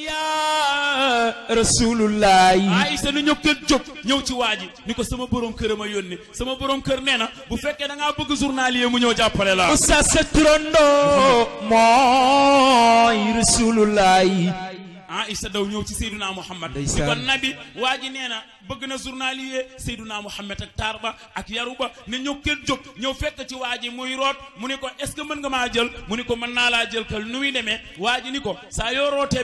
yaa rasulullah Aysa na ñëkkal jóg ñëw ci waa ji ni ko sama borom kër ma yónni sama borom kër nee na bu fekkee da ngaa bëgg journalier mu ñëw jàppale la. Oustaz sa turandoo mooy rasulullah Aïssa daw ñëw ci Seydouna Mouhamed di ko nabi waa ji nee na bëgg na journalier Seydouna Mouhamed ak taar ba ak yaru ba ne ñëw kenn jóg ñëw fekk ci waa ji muy root mu ne ko est ce que mën nga maa jël mu ne ko mën naa laa nu muy demee waa ji ni ko saa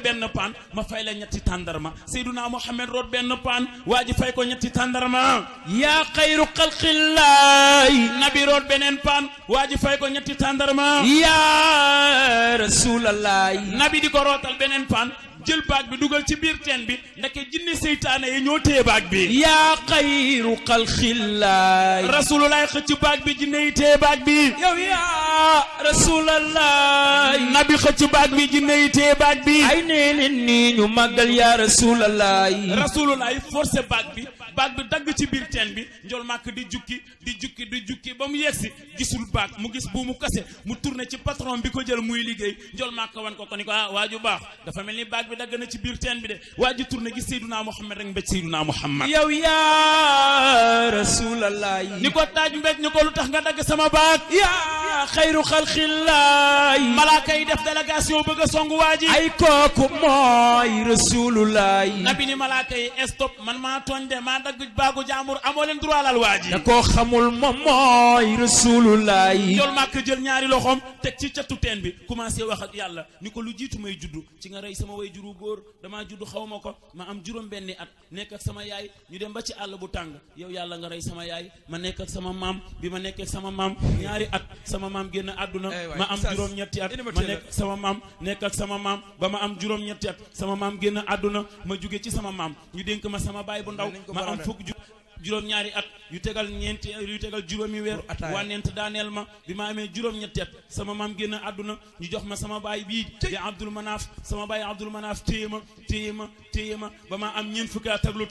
benn paan ma fay la ñetti tàndarma Seydouna Mouhamed root benn paan waa ji fay ko ñetti tàndarma yaa xayru xalqillaay beneen paan waa ji fay ko ñetti tàndarma yaa rasulallah nabi di ko rootal beneen paan jël baag bi dugal ci biir teen bi ndake jinne seytaane yi ñoo téye baag bi yaa xayru xalqillaay rasulullah xëcc baag bi jinne yi téye baag bi yow yaa rasulullah nabi xëcc baag bi jinne yi téye baag bi ay nee leen nii ñu màggal yaa rasulullah rasulullah forcé baag bi baag bi dagg ci biir teen bi njool màkk di jukki di jukki di jukki ba mu yegsi gisul baag mu gis bu mu kase mu tourné ci patron bi ko jël muy liggéey njool màkk wan ko ko ni ko ah waa ju baax dafa mel ni baag bi dagg na ci biir teen bi de waa ju tourné gis Seydunaa Muhammad rek mbéj Seydunaa Muhammad yow yaa rasulallah ni ko taaj mbéj ni ko lu tax nga dagg sama baag yaa xayru xalqillaay malaaka yi def délégation bëgg a song waa ji ay kooku mooy rasulullaay nabi ni malaaka yi stop man maa tooñ de maa dagg baagu jaambur amoo leen droit laal waa ji da koo xamul moom mooy rasulullaay yool màkk jël ñaari loxoom teg ci catu teen bi commencé wax ak yàlla ni ko lu jiitu may juddu ci nga rey sama way juru góor damaa juddu xaw ma ko ma am juróom benni at nekk ak sama yaay ñu dem ba ci àll bu tàng yow yàlla nga rey sama yaay sama maam génn àdduna eh ma am juróom-ñetti at ma nekk sama maam nekk ak sama maam ba ma am juróom-ñetti at sama maam génn àdduna ma jóge ci sama maam ñu dénk ma sama baay bu ndaw ma am fukk ju juróom-ñaari at yu tegal ñeenti yu tegal juróomi weer wànnent daaneel ma bi ma amee juróom-ñetti at sama maam génn àdduna ñu jox ma sama baay bii di Abdul Manaaf sama baay Abdul Manaaf téye ma téye ma ba ma am ñeent fukki at ak lu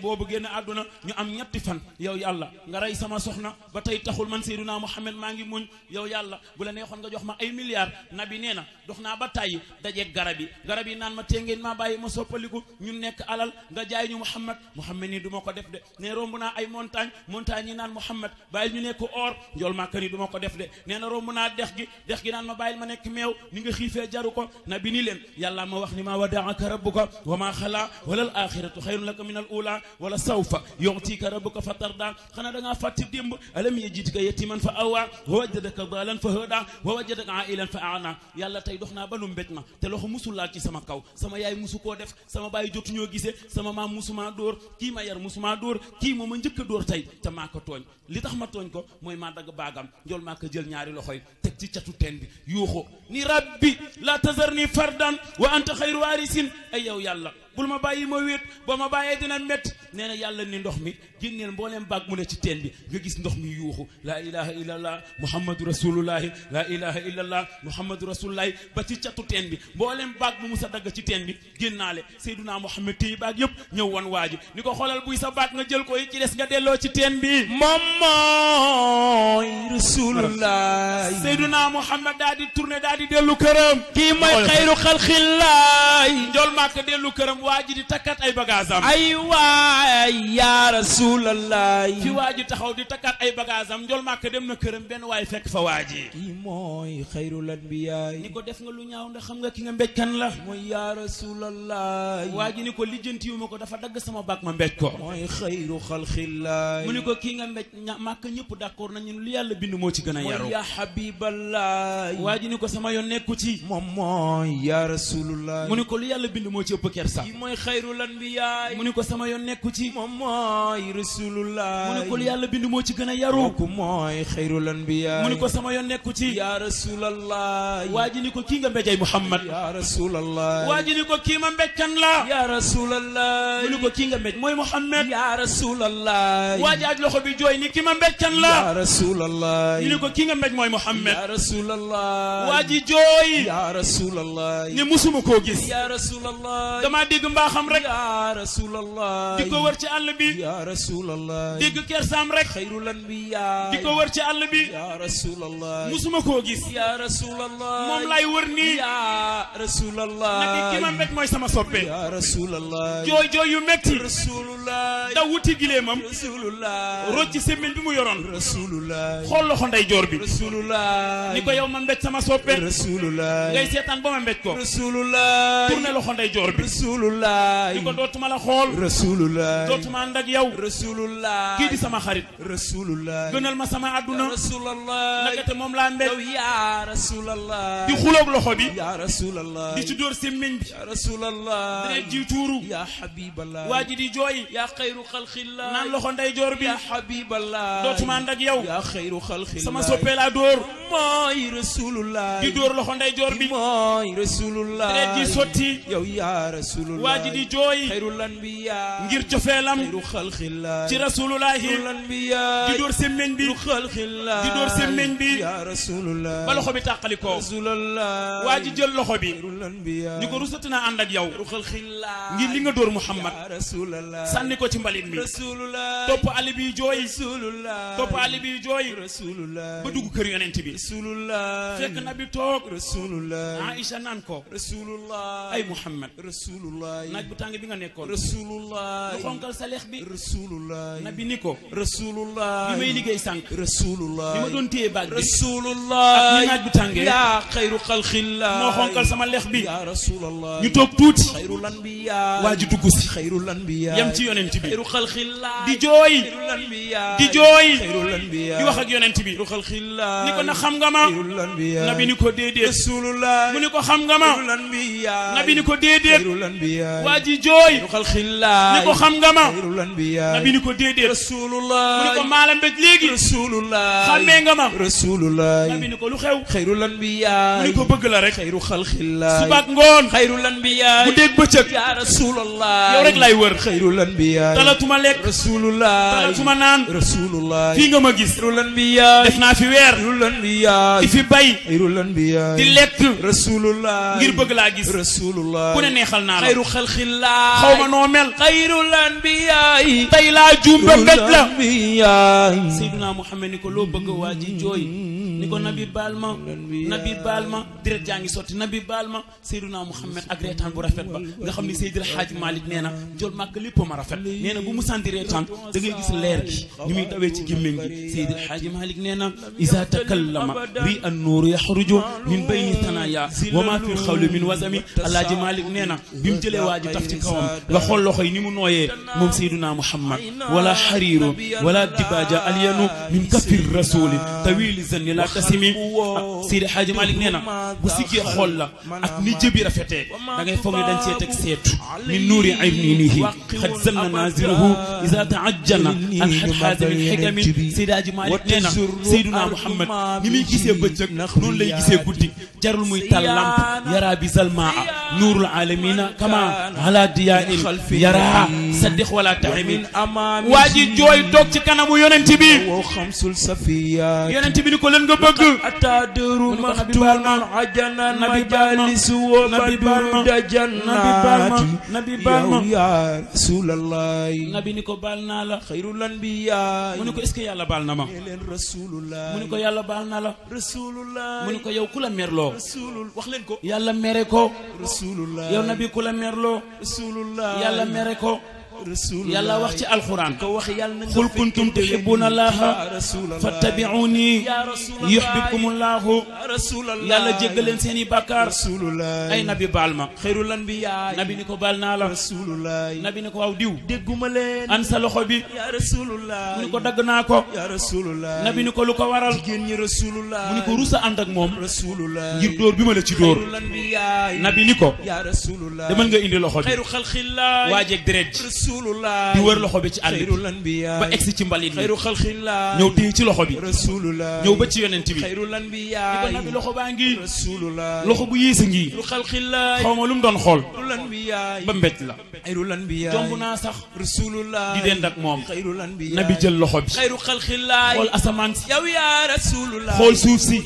boobu génn àdduna ñu am ñetti fan yow yàlla nga rey sama soxna ba tey taxul man Seydunaa Muhammad maa ngi muñ yow yàlla bu la neexoon nga jox ma ay milliards nabi nee na dox naa ba tàyyi dajeeg garab yi garab yi naan ma tee ngeen maa bàyyi ma soppaliku ñun nekk alal nga jaay ñu Muhammad Muhammad ni du ko ko def de ne romb naa ay montagne montagne yi naan Mouhamad ñu nekk or njool màkka ni du ma ko def de nee na romb naa dex gi dex gi naan ma bàyyil ma nekk meew ni nga xiifee jaru ko ni leen yàlla ma wax ni ma wadaaka rabbuka wa ma wala al axiratu xayrun laka min al ula wala sawfa yu'tika rabbuka fa tarda xanaa da ngaa fàtti démb alam yajidka yatiman fa awa wa wajadaka dalan fa hada wa wajadaka ailan fa aana yàlla tey dox naa ba nu mbéj ma te loxo musul laal ci sama kaw sama yaay musu def sama baay jotuñoo gisee sama maam musumaa dóor kii ma yar musu maa door kii moom a njëkk door tey te maa tooñ li tax ma tooñ ko mooy maa dagg baagam njool maa ko jël ñaari loxo yi teg ci catu teen bi yuuxu ni rabbi la tazarni fardan wa anta xayru waarisin ay yow yàlla bul ma bàyyi ma wéet boo ma bàyyee dina métti nee na yàlla ni ndox mi génneel mbooleem baag mu ne ci teen bi nga gis ndox mi yuuxu laa ilaha illa allah muhammadu rasulullahi laa ilaha illa allah muhammadu rasulullahi ba ci catu teen bi mbooleem baag bu mu sa dagg ci teen bi génnaale seyduna muhammad téyi baag yëpp ñëw wan waaji ni ko xoolal buy sa baag nga jël ko yi ci des nga delloo ci teen bi moom mooy rasulullahi seyduna muhammad daa di tourné daa di dellu këram kii mooy xayru xalqillahi njol màkk dellu këram waa ji di takkat ay bagage am ay waay ya rasulallah fi waa ji taxaw di takkaat ay bagage am njol màkk dem na këram benn waaye fekk fa waa ji kii mooy xayrul anbiya ni ko def nga lu ñaaw ndax xam nga ki nga mbéj kan la mooy yaa rasulallah waa ji ni ko lijjanti wu ko dafa dagg sama baag ma mbéj ko mooy xayru xalqillah mu ni ko kii nga mbéj màkk ñëpp na nañu lu yàlla bind moo ci gën a yaru mooy waa ji ni ko sama yoon nekku ci moom mooy yaa rasulullah mu ni ko lu yàlla bind moo ci ëpp kersa kii mooy xayrul anbiyaa mu ni ko sama yoon nekku ci moom mooy rasulullah mu ni yàlla bind moo ci gën a yaru kooku mooy xayrul anbiyaa mu ni ko sama yoon nekku ci ya rasulallah waa ji ni ko kii nga mbéjay muhammad ya rasulallah waa ji ni ko kii ma mbéjkan la ya rasulallah mu ni ko kii nga mbéj mooy muhammad ya rasulallah waa ji aj loxo bi jooy ni kii ma mbéjkan la ya rasulallah ñu ni ko kii nga mbéj mooy muhammad ya rasulallah waa ji jooy ya rasulallah ni musuma koo gis ya rasulallah dama dégg mbaaxam rek ya rasulallah di ko wër ci àll bi ya rasulallah dégg kersaam rek xayrul anbiya di ko wër ci àll bi ya rasulallah musuma koo gis ya rasulallah moom laay wër nii ya rasulallah naka ki ma mbég mooy sama soppe ya rasulallah jooy jooy yu metti rasulallah da wuti gileemam rasulallah rocci semmiñ bi mu yoroon rasulallah xool loxo ndey joor bi rasulallah ni ko yow ma mbég sama soppe rasulallah ngay seetaan ba ma mbég ko rasulallah tourné loxo ndey joor bi rasulallah rasulullah ni ko dootuma la xool rasulullah dootuma ànd ak yow rasulullah kii di sama xarit rasulullah gënal ma sama àdduna rasulullah nakate moom laa mbéy yow ya rasulullah di xuloog loxo bi ya rasulullah di ci dóor simmiñ bi ya rasulullah dina ji tuuru ya habiballah waa ji di jooy ya xayru xalqillah naan loxo nday joor bi ya habiballah dootuma ànd ak yow ya xayru xalqillah sama soppee laa dóor mooy rasulullah di dóor loxo nday joor bi mooy rasulullah dina ji sotti yow ya rasulullah waa ji di jooy ngir cofeelam ci rasulullahi di door semmeñ bi di door semmeñ bi ba loxo bi tàqali ko waa ji jël loxo bi ñu ko rusati naa ànd ak yow ngir li nga door Muhammad sànni ko ci mbalit mi topp ali bi jooy topp ali bi jooy ba dugg kër yonent bi fekk na bi toog Aïcha naan ko ay Muhammad naaj bu tàng bi nga nekkoon rasulullah lu xonkal sa lex bi rasulullah nabi ni ko rasulullah bi may liggéey sànq rasulullah bi ma doon téye baag bi rasulullah ak ni naaj bu tàngee yaa xayru xalqillah moo xonkal sama lex bi yaa rasulullah ñu toog tuuti xayrul anbiya waa ji dugg si xayrul anbiya yam ci yonent bi xayru xalqillah di jooy di jooy di wax ak yonent bi ni ko na xam nga ma nabi ni ko déedéet rasulullah mu ni ko xam nga ma nabi ni ko déedéet waa ji jooy ni ko xam nga ma nabi ni ko déedéet rasulullah mu ni ko maala mbég léegi rasulullah xammee nga ma rasulullah nabi ni ko lu xew xayrul anbiya mu ni ko bëgg la rek xayru xalqillah suba ak ngoon xayrul anbiya bu dégg bëccëg ya rasulullah yow rek laay wër xayrul anbiya talatuma lekk rasulullah talatuma naan rasulullah fii nga ma gis xayrul anbiya def naa fi weer xayrul anbiya di fi bay xayrul anbiya di lekk rasulullah ngir bëgg laa gis rasulullah ku ne neexal naa la خلق الله خوما نومل خير الانبياء تيلا جوم بغت سيدنا محمد نيكو لو بغ واجي جوي ni ko nabi baal ma nabi baal ma direct jaa ngi sotti nabi baal ma Seydunaa Muhammad ak reetaan bu rafet ba nga xam ne Seydil Haaji Malick nee na jol màkk lépp ma rafet nee na bu mu sànni reetaan da ngay gis leer gi ni muy dawee ci gémmiñ gi Seydil Haaji Malick nee na iza takallama bi an min bayni tanaya wa ma fi xawli min wasami Alaaji Malick nee bi mu jëlee waa ji taf ci kawam nga xool loxo yi ni mu nooyee moom Seydunaa Muhammad wala xariirun wala tasimi ah, Seydi Hadji Malick nee na bu siggee xool la ak ni jëbi rafetee da ngay foog ne dañ cee teg seetu min nuuri aynihi xad zanna naziruhu isa taajjana an xad xaadimin xikamin Seydi Hadji Malick nee na Seyduna Muhammad ni muy gisee bëccëg noonu lay gisee guddi jarul muy tal lamp yara bi zalmaa nuurul alamina kama ala diya in yara saddiq wala taximin waa ji jooy toog ci kanamu yonent bi yonent bi ni ko leen nga bëgg bëgg atadru maxtuman ajanan majalisu wa badu dajannati nabi baal ma ya rasulallahi nabi ni ko baal naa la xayrul anbiya mu ni ko est-ce baal na ma leen mu ni ko yàlla baal naa la rasulullah mu ni ko yow ku la merloo rasulul yàlla mere ko rasulullah yow nabi ku la merloo rasulullah yàlla mere ko yàlla wax ci alxuraan ko wax yàlla na xul kuntum tuhibbuna allaha fattabi'uni yuhibbukumullahu yàlla jéggaleen seeni bàkkaar ay nabi baal ma xëyru lan bi yaay nabi ni ko baal naa la nabi ni ko waaw diw dégguma leen an sa loxo bi mu ni ko dagg naa ko nabi ni ko lu ko waral mu ni ko rusa ànd ak moom ngir dóor bi ma la ci dóor nabi ni ko demal nga indi loxo bi waa jeeg deret ji rasulullah di wër loxo bi ci àll ba egsi ci mbalit mi ñëw téye ci loxo bi ñëw ba ci yonent bi di ba nabi loxo baa ngi loxo bu yées a ngi xaw ma lu mu doon xool ba mbéj la jomb naa sax di dend ak moom nabi jël loxo bi xool asamaan si xool suuf si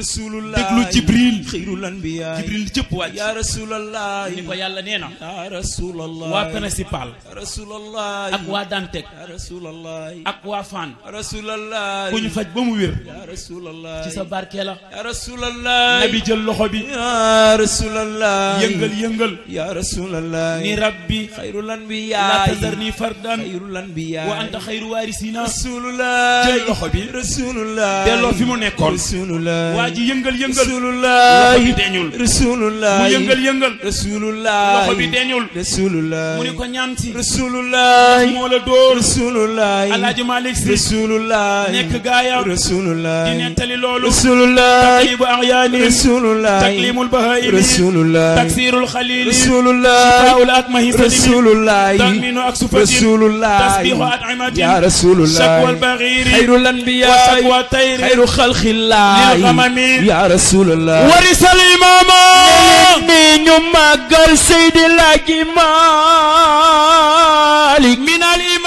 rasulullah déglu jibril xayrul anbiya jibril jëpp wàcc ya rasulullah ni ko yàlla nee na ya rasulullah waa principal rasulullah ak waa Dantec rasulullah ak waa Fann rasulullah ku ñu faj ba mu wér ya rasulullah ci sa barke la ya rasulullah nabi jël loxo bi ya rasulullah yëngal yëngal ya rasulullah ni rabbi xayrul anbiya la tazarni fardan xayrul anbiya wa anta xayru warisina rasulullah jël loxo bi rasulullah delloo fi mu nekkoon rasulullah waa ji yëngal yëngal. rasulullah loxo bi deñul. rasulullah mu yëngal yëngal. rasulullah loxo bi deñul. rasulullah mu ni ko ñaan si. rasulullah moo la dóor. rasulullah alaaji Malick si. rasulullah nekk gaayam. rasulullah di nettali loolu. rasulullah taklibu axyaani. rasulullah taklimul bahaayini. rasulullah taksirul xalili. rasulullah shifaul akmahi. rasulullah daminu ak sufatin. rasulullah tasbiixu at imatin. yaa rasulullah shakwal baxiiri. xayrul anbiyaa. wa shakwa tayri. xayru xalqillah. العالمين يا رسول الله ورث الإمام نيوم مقال سيد الله مالك من الإمام